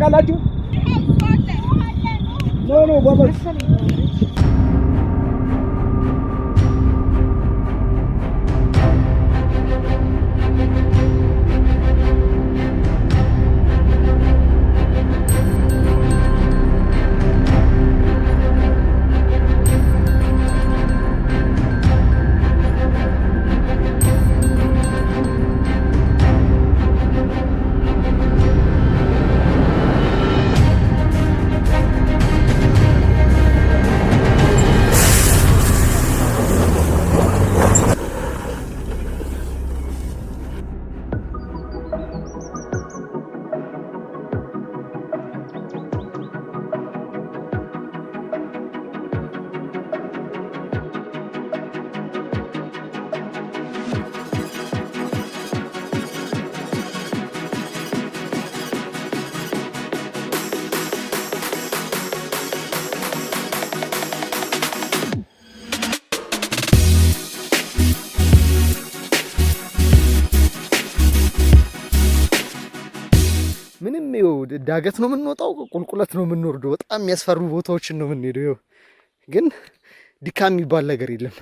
টাকা লাজু নো নো বাবা ዳገት ነው የምንወጣው፣ ቁልቁለት ነው የምንወርደው። በጣም የሚያስፈሩ ቦታዎችን ነው የምንሄደው። ግን ድካም የሚባል ነገር የለም።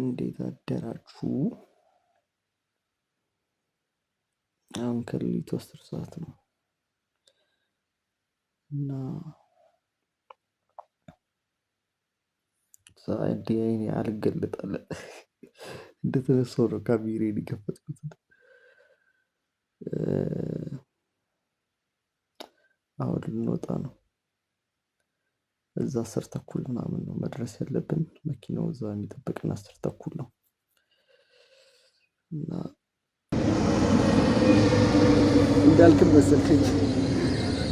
እንዴት አደራችሁ? አሁን ከሌሊቱ አስር ሰዓት ነው እና ሰዓት ዲያይኔ አልገለጣለ እንደተነሳው ነው ካሜሬን የከፈትኩት። አሁን ልንወጣ ነው። እዛ አስር ተኩል ምናምን ነው መድረስ ያለብን። መኪናው እዛ የሚጠብቅን አስር ተኩል ነው እና እንዳልክም መሰልከኝ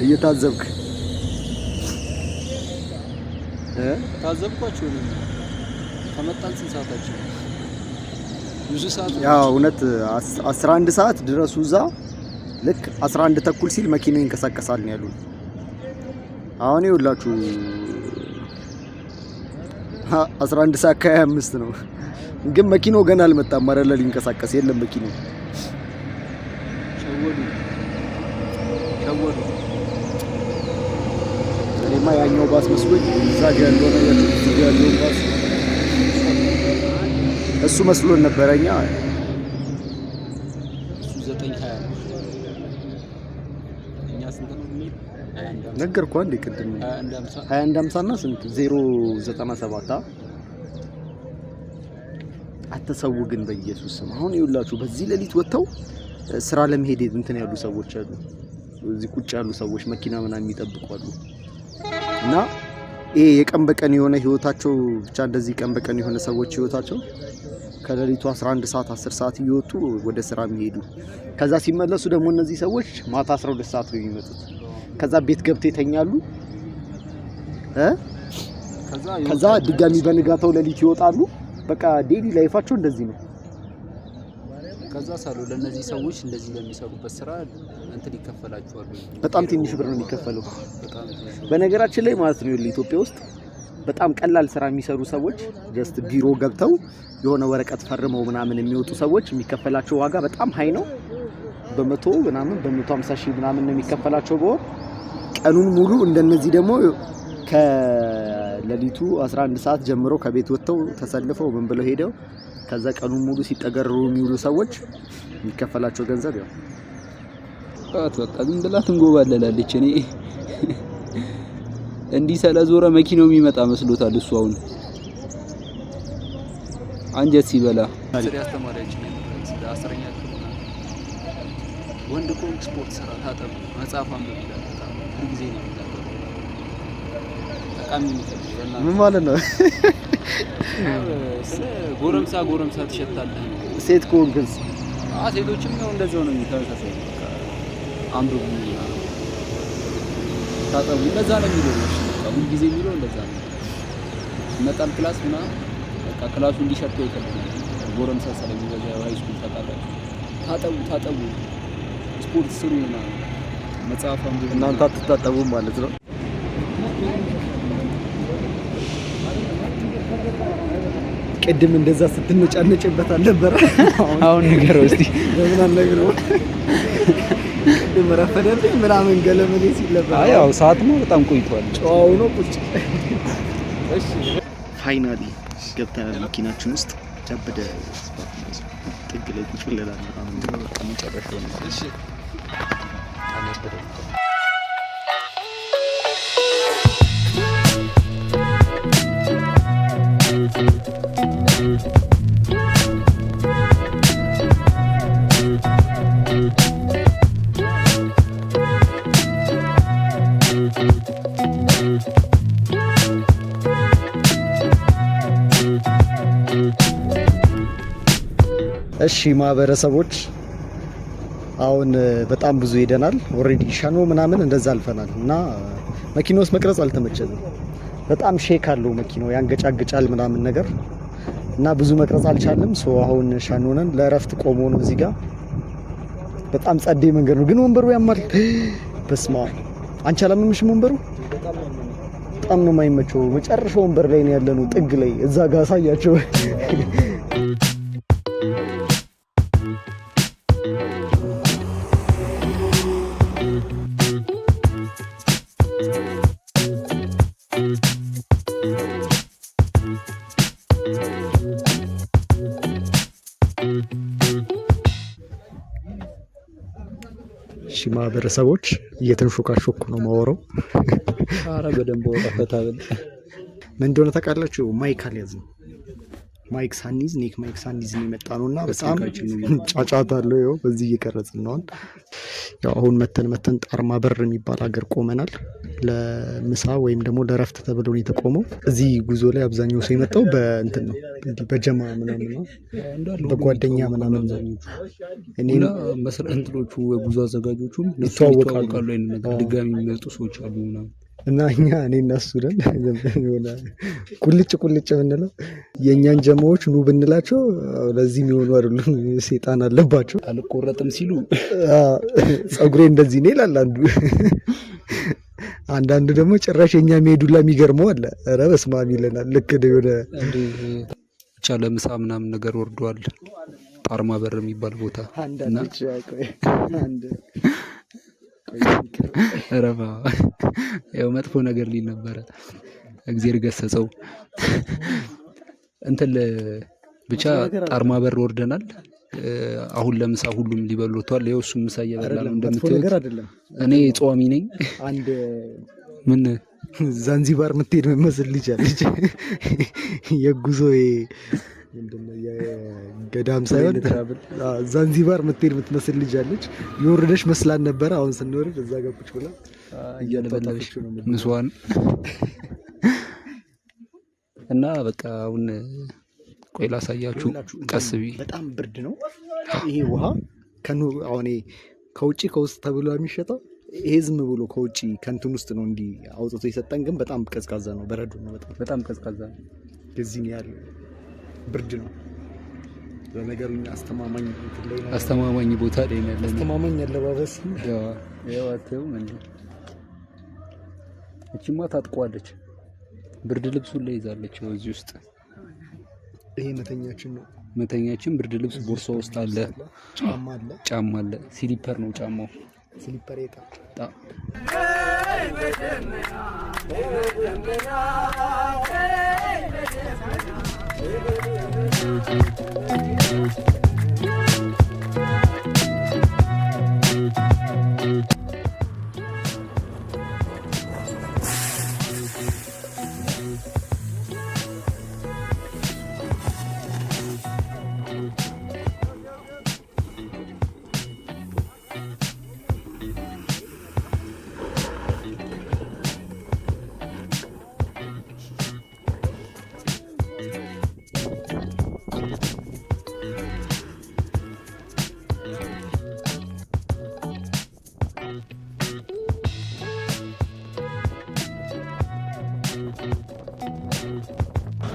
እየታዘብክ ታዘብኳቸው። ከመጣን ስንት ሰዓታችን ነው? ያው እውነት 11 ሰዓት ድረሱ እዛ። ልክ 11 ተኩል ሲል መኪና ይንቀሳቀሳል ነው ያሉን። አሁን ይኸውላችሁ 11 ሰዓት ከ25 ነው፣ ግን መኪናው ገና አልመጣም። ማረላ ሊንቀሳቀስ የለም መኪናው። እኔማ ያኛው ባስ መስሎኝ እዛ ጋር ያለው ያለው ባስ እሱ መስሎን ነበረኛ። ነገርኩህ አንዴ ቅድም ሀያ አንድ ሀምሳ እና ስንት ዜሮ ዘጠና ሰባት አተሰው ግን በኢየሱስ ስም አሁን ይውላችሁ በዚህ ሌሊት ወጥተው ስራ ለመሄድ እንትን ያሉ ሰዎች አሉ። እዚህ ቁጭ ያሉ ሰዎች መኪና ምናምን የሚጠብቁ አሉ እና ይሄ የቀን በቀን የሆነ ህይወታቸው ብቻ እንደዚህ ቀን በቀን የሆነ ሰዎች ህይወታቸው ከሌሊቱ 11 ሰዓት 10 ሰዓት እየወጡ ወደ ስራ የሚሄዱ ከዛ ሲመለሱ ደግሞ እነዚህ ሰዎች ማታ 12 ሰዓት ነው የሚመጡት። ከዛ ቤት ገብተው ይተኛሉ እ ከዛ ድጋሚ በንጋተው ሌሊት ይወጣሉ። በቃ ዴሊ ላይፋቸው እንደዚህ ነው። ከዛ ሳሉ ለነዚህ ሰዎች እንደዚህ ለሚሰሩበት ስራ እንትን ይከፈላቸዋል። በጣም ትንሽ ብር ነው የሚከፈለው። በነገራችን ላይ ማለት ነው ኢትዮጵያ ውስጥ በጣም ቀላል ስራ የሚሰሩ ሰዎች ጀስት ቢሮ ገብተው የሆነ ወረቀት ፈርመው ምናምን የሚወጡ ሰዎች የሚከፈላቸው ዋጋ በጣም ሀይ ነው። በመቶ ምናምን በመቶ ሃምሳ ሺህ ምናምን ነው የሚከፈላቸው በወር ቀኑን ሙሉ። እንደነዚህ ደግሞ ከሌሊቱ 11 ሰዓት ጀምሮ ከቤት ወጥተው ተሰልፈው ምን ብለው ሄደው ከዛ ቀኑ ሙሉ ሲጠገሩ የሚውሉ ሰዎች የሚከፈላቸው ገንዘብ ያው ጣት በቃ ዝም ብላ ትንጎባለላለች። እኔ እንዲህ ስለዞረ መኪናው የሚመጣ መስሎታል። እሱ አሁን አንጀት ሲበላ ወንድ ኮም ስፖርት ስራ ታጠብ፣ መጽሐፍ አንብብ ይላል። ሁልጊዜ ነው የሚታጠበው። ጠቃሚ ምን ማለት ነው? ጎረምሳ ጎረምሳ ትሸታለህ። ሴት ከሆንክስ? አዎ ሴቶችም ነው እንደዚያው ነው። ተመሳሳይ አንዱ ታጠቡ እንደዛ ነው የሚለው ነው። ሁል ጊዜ የሚለው እንደዛ ነው። መጣል ክላስ ምናምን በቃ ክላሱ እንዲሸተው ይከብዳል። ጎረምሳ ስለሚበዛ ሃይስኩል ታውቃላችሁ። ታጠቡ ታጠቡ፣ ስፖርት ስሩ፣ መጽሐፍ አንብቡ። እናንተ አትታጠቡም ማለት ነው። ቅድም እንደዛ ስትነጫነጭበት አልነበረ? አሁን ንገረው እስቲ። ለምን አልነግረው? ቅድም ረፈደብኝ ምናምን ገለመሌ ሲል ነበር። አይ ያው ሰዓት ነው፣ በጣም ቆይቷል። ጨዋው ነው ቁጭ። እሺ ፋይናሊ ገብተናል መኪናችን ውስጥ ጨብደ ጥግ ላይ ቁጭ ብለናል። አሁን ነው መጨረሻው ነው። እሺ ሺህ ማህበረሰቦች አሁን በጣም ብዙ ሄደናል። ኦልሬዲ ሻኖ ምናምን እንደዛ አልፈናል እና መኪና ውስጥ መቅረጽ አልተመቸንም። በጣም ሼክ አለው መኪናው ያንገጫግጫል ምናምን ነገር እና ብዙ መቅረጽ አልቻልም። ሶ አሁን ሻኖ ነን። ለእረፍት ቆሞ ነው እዚህ ጋር በጣም ጸዴ መንገድ ነው፣ ግን ወንበሩ ያማል። በስማ አንቺ አላመምሽም? ወንበሩ በጣም ነው የማይመቸው። መጨረሻ ወንበር ላይ ነው ያለነው፣ ጥግ ላይ እዛ ጋር አሳያቸው ማህበረሰቦች እየተንሾካሾኩ ነው ማወረው። ኧረ በደንብ ወጣ ፈታ ምን እንደሆነ ታውቃላችሁ? ማይክ አልያዝም። ማይክ ሳኒዝ ኔክ ማይክ ሳኒዝ የመጣ ነው እና በጣም ጫጫት አለው። ው በዚህ እየቀረጽ ነው። ያው አሁን መተን መተን ጣርማ በር የሚባል ሀገር ቆመናል። ለምሳ ወይም ደግሞ ለረፍት ተብሎ ነው የተቆመው። እዚህ ጉዞ ላይ አብዛኛው ሰው የመጣው በእንትን ነው በጀማ ምናምን ነው በጓደኛ ምናምን ነው። እኔም መሰረት እንትኖቹ የጉዞ አዘጋጆቹም ይተዋወቃሉ። ድጋሚ የሚመጡ ሰዎች አሉ ምናምን እና እኛ እኔ እናሱ ነን ቁልጭ ቁልጭ የምንለው የእኛን ጀማዎች ኑ ብንላቸው ለዚህ የሚሆኑ አይደሉም። ሴጣን አለባቸው። አልቆረጥም ሲሉ ጸጉሬ እንደዚህ ነው ይላል አንዱ። አንዳንዱ ደግሞ ጭራሽ የእኛ መሄዱላ የሚገርመው አለ። ኧረ በስመ አብ ይለናል። ልክ የሆነ ብቻ ለምሳ ምናምን ነገር ወርዷል። ጣርማ በር የሚባል ቦታ ረባ ያው መጥፎ ነገር ሊል ነበረ። እግዜር ገሰጸው። እንትን ብቻ ጣርማ በር ወርደናል። አሁን ለምሳ ሁሉም ሊበሉ ወጥተዋል። ይኸው እሱም ምሳ እየበላ ነው እንደምትይው። እኔ ጾሚ ነኝ። አንድ ምን ዛንዚባር የምትሄድ መመስል ልጅ አለች የጉዞ ገዳም ሳይሆን ዛንዚባር የምትሄድ የምትመስል ልጅ አለች። የወረደች መስላን ነበረ። አሁን ስንወርድ እዛ ጋ ቁጭ ብላ እያለበጣለች ምስዋን እና በቃ አሁን ቆይ ላሳያችሁ። ቀስ ብዬ በጣም ብርድ ነው ይሄ ውሃ ከኑ አሁን ከውጭ ከውስጥ ተብሎ የሚሸጠው ይሄ ዝም ብሎ ከውጭ ከንትን ውስጥ ነው እንዲህ አውጥቶ የሰጠን፣ ግን በጣም ቀዝቃዛ ነው። በረዶ ነው በጣም በጣም ቀዝቃዛ ነው። የዚህ ያለው ብርድ ነው። ለነገሩ አስተማማኝ ቦታ ላይ ያለ አስተማማኝ አለባበስ እቺማ ታጥቋለች። ብርድ ልብሱን ላይ ይዛለች። እዚህ ውስጥ ይሄ መተኛችን ነው። መተኛችን ብርድ ልብስ ቦርሳ ውስጥ አለ። ጫማ አለ። ጫማ አለ። ሲሊፐር ነው ጫማው። ሲሊፐር ጣ Thank you.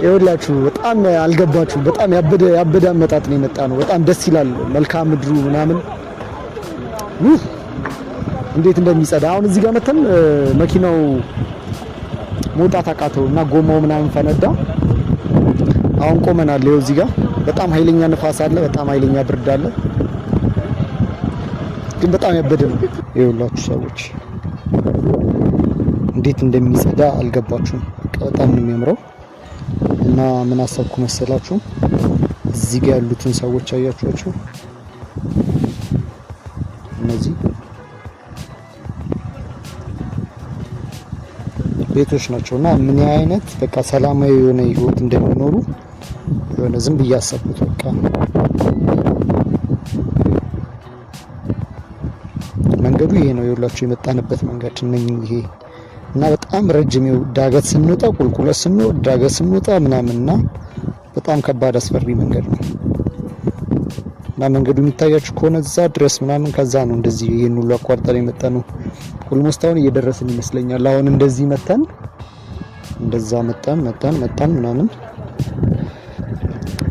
ይኸውላችሁ በጣም አልገባችሁ። በጣም ያበደ ያበደ አመጣጥ ነው የመጣ ነው። በጣም ደስ ይላል። መልክዓ ምድሩ ምናምን እንዴት እንደሚጸዳ አሁን እዚህ ጋር መተን መኪናው መውጣት አቃተው እና ጎማው ምናምን ፈነዳ። አሁን ቆመናል። ይኸው እዚህ ጋር በጣም ኃይለኛ ንፋስ አለ። በጣም ኃይለኛ ብርድ አለ። ግን በጣም ያበደ ነው። ይኸውላችሁ ሰዎች እንዴት እንደሚጸዳ አልገባችሁም። በጣም ነው የሚያምረው። እና ምን አሰብኩ መሰላችሁ? እዚህ ጋር ያሉትን ሰዎች አያችኋቸው? እነዚህ ቤቶች ናቸው እና ምን አይነት በቃ ሰላማዊ የሆነ ህይወት እንደሚኖሩ የሆነ ዝም ብዬ አሰብኩት። በቃ መንገዱ ይሄ ነው የሁላችሁ የመጣንበት መንገድ ነኝ ይሄ እና በጣም ረጅም ዳገት ስንወጣ ቁልቁለት ስንወጣ ዳገት ስንወጣ ምናምንና በጣም ከባድ አስፈሪ መንገድ ነው እና መንገዱ የሚታያችሁ ከሆነ እዛ ድረስ ምናምን ከዛ ነው እንደዚህ ይህን ሁሉ አቋርጠን የመጣ ነው። ኦልሞስት አሁን እየደረስን ይመስለኛል። አሁን እንደዚህ መተን እንደዛ መጣን መጣን መጣን ምናምን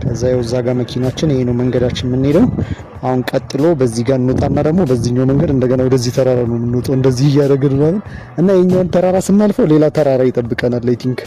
ከዛ የውዛ ጋር መኪናችን ይሄ ነው መንገዳችን የምንሄደው። አሁን ቀጥሎ በዚህ ጋር እንወጣና ደግሞ በዚህኛው መንገድ እንደገና ወደዚህ ተራራ ነው የምንወጣው። እንደዚህ እያደረግን እና የኛውን ተራራ ስናልፈው ሌላ ተራራ ይጠብቀናል አይ ቲንክ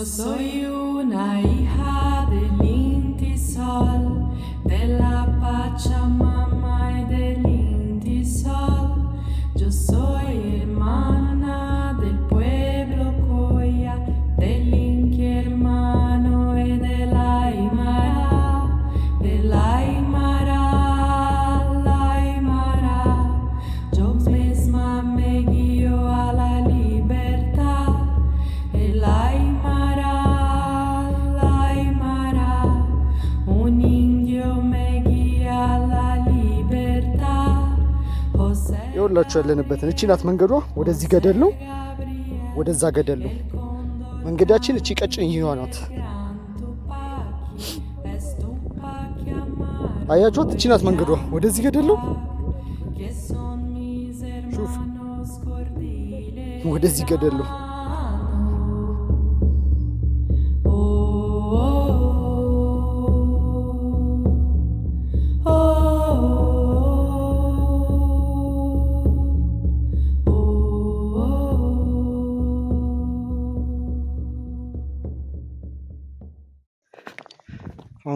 よそゆない እያልናቸው ያለንበትን እቺ ናት መንገዷ። ወደዚህ ገደል ነው፣ ወደዛ ገደል ነው መንገዳችን። እቺ ቀጭን ይህዋ ናት። አያጇት፣ እቺ ናት መንገዷ። ወደዚህ ገደል ነው፣ ወደዚህ ገደል ነው።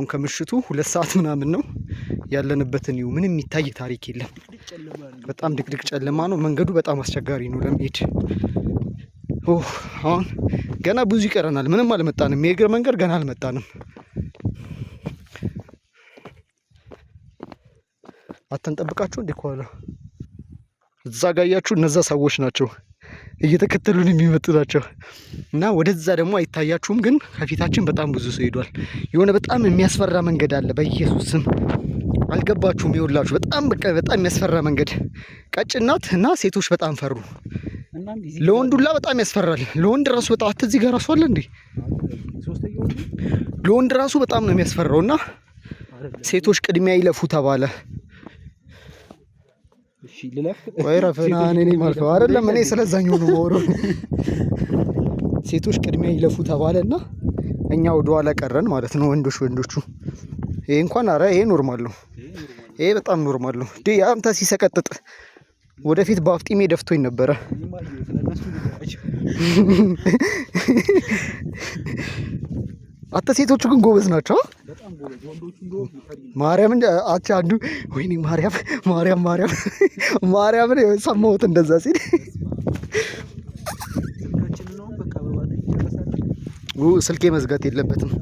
አሁን ከምሽቱ ሁለት ሰዓት ምናምን ነው ያለንበትን ይሁ ምንም የሚታይ ታሪክ የለም። በጣም ድቅድቅ ጨለማ ነው። መንገዱ በጣም አስቸጋሪ ነው ለመሄድ። አሁን ገና ብዙ ይቀረናል። ምንም አልመጣንም። የእግር መንገድ ገና አልመጣንም። አተንጠብቃችሁ እንዴ ከኋላ እዛ ጋያችሁ እነዛ ሰዎች ናቸው። እየተከተሉን የሚመጡ ናቸው እና ወደዛ ደግሞ አይታያችሁም፣ ግን ከፊታችን በጣም ብዙ ሰው ሄዷል። የሆነ በጣም የሚያስፈራ መንገድ አለ። በኢየሱስ ስም አልገባችሁም? ይኸውላችሁ በጣም በቃ በጣም የሚያስፈራ መንገድ። ቀጭናት እና ሴቶች በጣም ፈሩ። ለወንዱላ በጣም ያስፈራል። ለወንድ ራሱ በጣም አት እዚህ ጋር ራሱ አለ እንዴ! ለወንድ ራሱ በጣም ነው የሚያስፈራው እና ሴቶች ቅድሚያ ይለፉ ተባለ። ወይ ረፍና እኔ ማልፈው አይደለም። እኔ ስለዛኛው ነው ወሮ ሴቶች ቅድሚያ ይለፉ ተባለ ተባለና እኛ ወደኋላ ቀረን ማለት ነው። ወንዶች ወንዶቹ ይሄ እንኳን አረ ይሄ ኖርማል ነው። ይሄ በጣም ኖርማል ነው። ዲ አምታ ሲሰቀጥጥ ወደፊት በአፍጢሜ ደፍቶኝ ነበረ። አተ ሴቶቹ ግን ጎበዝ ናቸው። ማርያምን አቺ አንዱ ወይኔ ማርያም ማርያም ማርያም ማርያምን ሰማሁት እንደዛ ሲል ስልኬ መዝጋት የለበትም።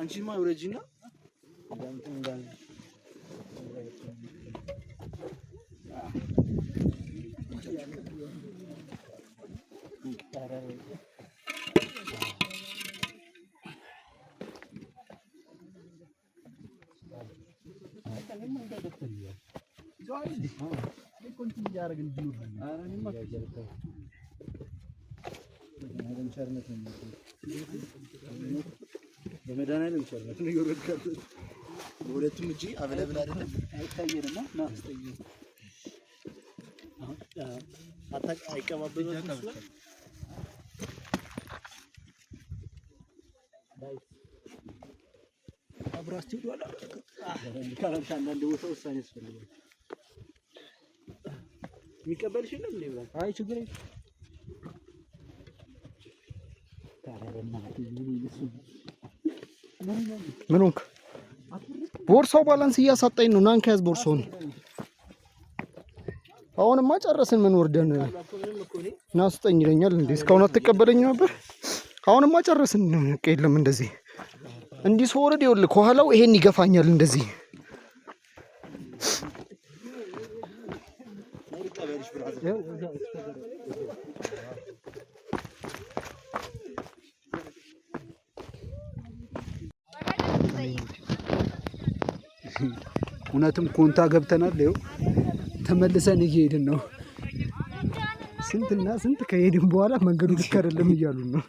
አንቺማ በመድኃኒዓለም ቸርነት ነው የወረድከው። በሁለቱም እጅ አበለብል አይደለም አይታየንማ ና አስጠየ አይቀባበል አንዳንድ ቦታ ውሳኔ ያስፈልጋል። የሚቀበልሽ የለም እንዴ? አይ ችግር ምን ሆንክ? ቦርሳው ባላንስ እያሳጣኝ ነው። ናንከ ያዝ ቦርሳውን። አሁንማ ጨረስን። ምን ወርደን ና ይለኛል እንዴ? እስካሁን አትቀበለኝ ነበር። አሁንማ ጨረስን። የለም እንደዚህ እንዲህ ስወርድ ይኸውልህ ከኋላው ይሄን ይገፋኛል እንደዚህ እውነትም ኮንታ ገብተናል። ይኸው ተመልሰን እየሄድን ነው። ስንትና ስንት ከሄድን በኋላ መንገዱ ልክ አይደለም እያሉን ነው።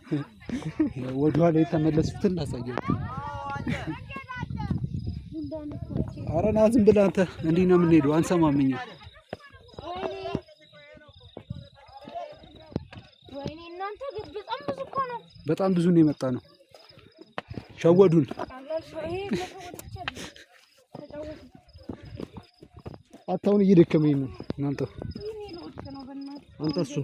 ወደኋላ የተመለሱትን ላሳያችሁ። ኧረ ና ዝም ብለህ አንተ። እንዲህ ነው የምንሄደው፣ አንሰማም እኛ በጣም ብዙ ነው የመጣ ነው። ሸወዱን። አታውን እየደከመኝ ነው እናንተ አንተ እሱ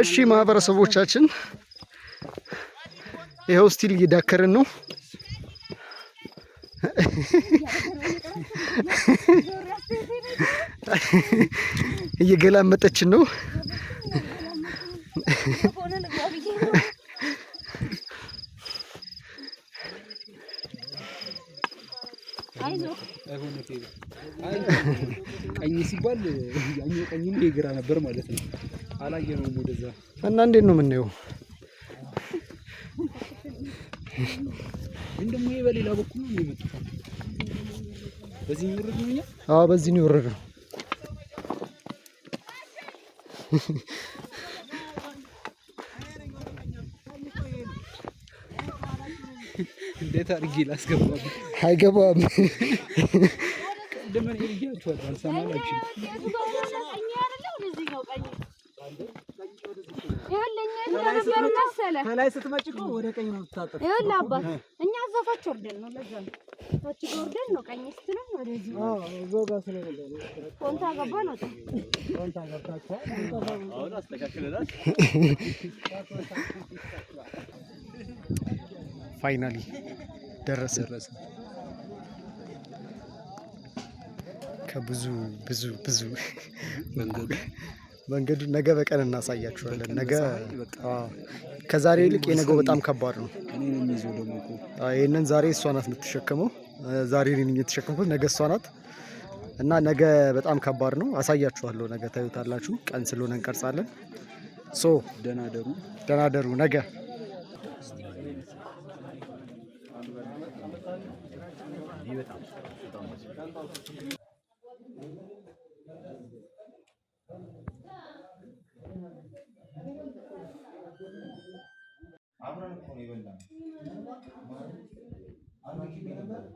እሺ ማህበረሰቦቻችን ይኸው ስቲል እየዳከርን ነው። እየገላመጠችን ነው። ቀኝ ሲባል ያኛው ቀኝ ግራ ነበር ማለት ነው። እና እንዴት ነው የምናየው? ግን ደግሞ ይሄ በሌላ በኩል ነው የሚመጡት። በዚህ ነው የወረድነው እኛ። አዎ በዚህ ነው የወረድነው። እንዴት አድርጌ ላስገባው? አይገባም። ቅድም እኔ ልያችኋለሁ አልሰማላችሁም። ከላይ ስትመጪ እኮ ወደ ቀኝ ነው የምትታጠፍ። ይኸውልህ አባት እኛ እዛው ታች ወርደን ነው ነው ታች ወርደን ነው ቀኝ ወደዚህ እዛው ጋር ገባ ነው ደረሰ። ከብዙ ብዙ ብዙ መንገዱ መንገዱን ነገ በቀን እናሳያችኋለን። ነገ ከዛሬ ይልቅ የነገው በጣም ከባድ ነው። ይህንን ዛሬ እሷ ናት የምትሸከመው። ዛሬ ነኝ የተሸከምኩት፣ ነገ እሷ ናት እና ነገ በጣም ከባድ ነው። አሳያችኋለሁ። ነገ ታዩታላችሁ። ቀን ስለሆነ እንቀርጻለን። ሶ ደናደሩ ደናደሩ ነገ ነው የበላነው።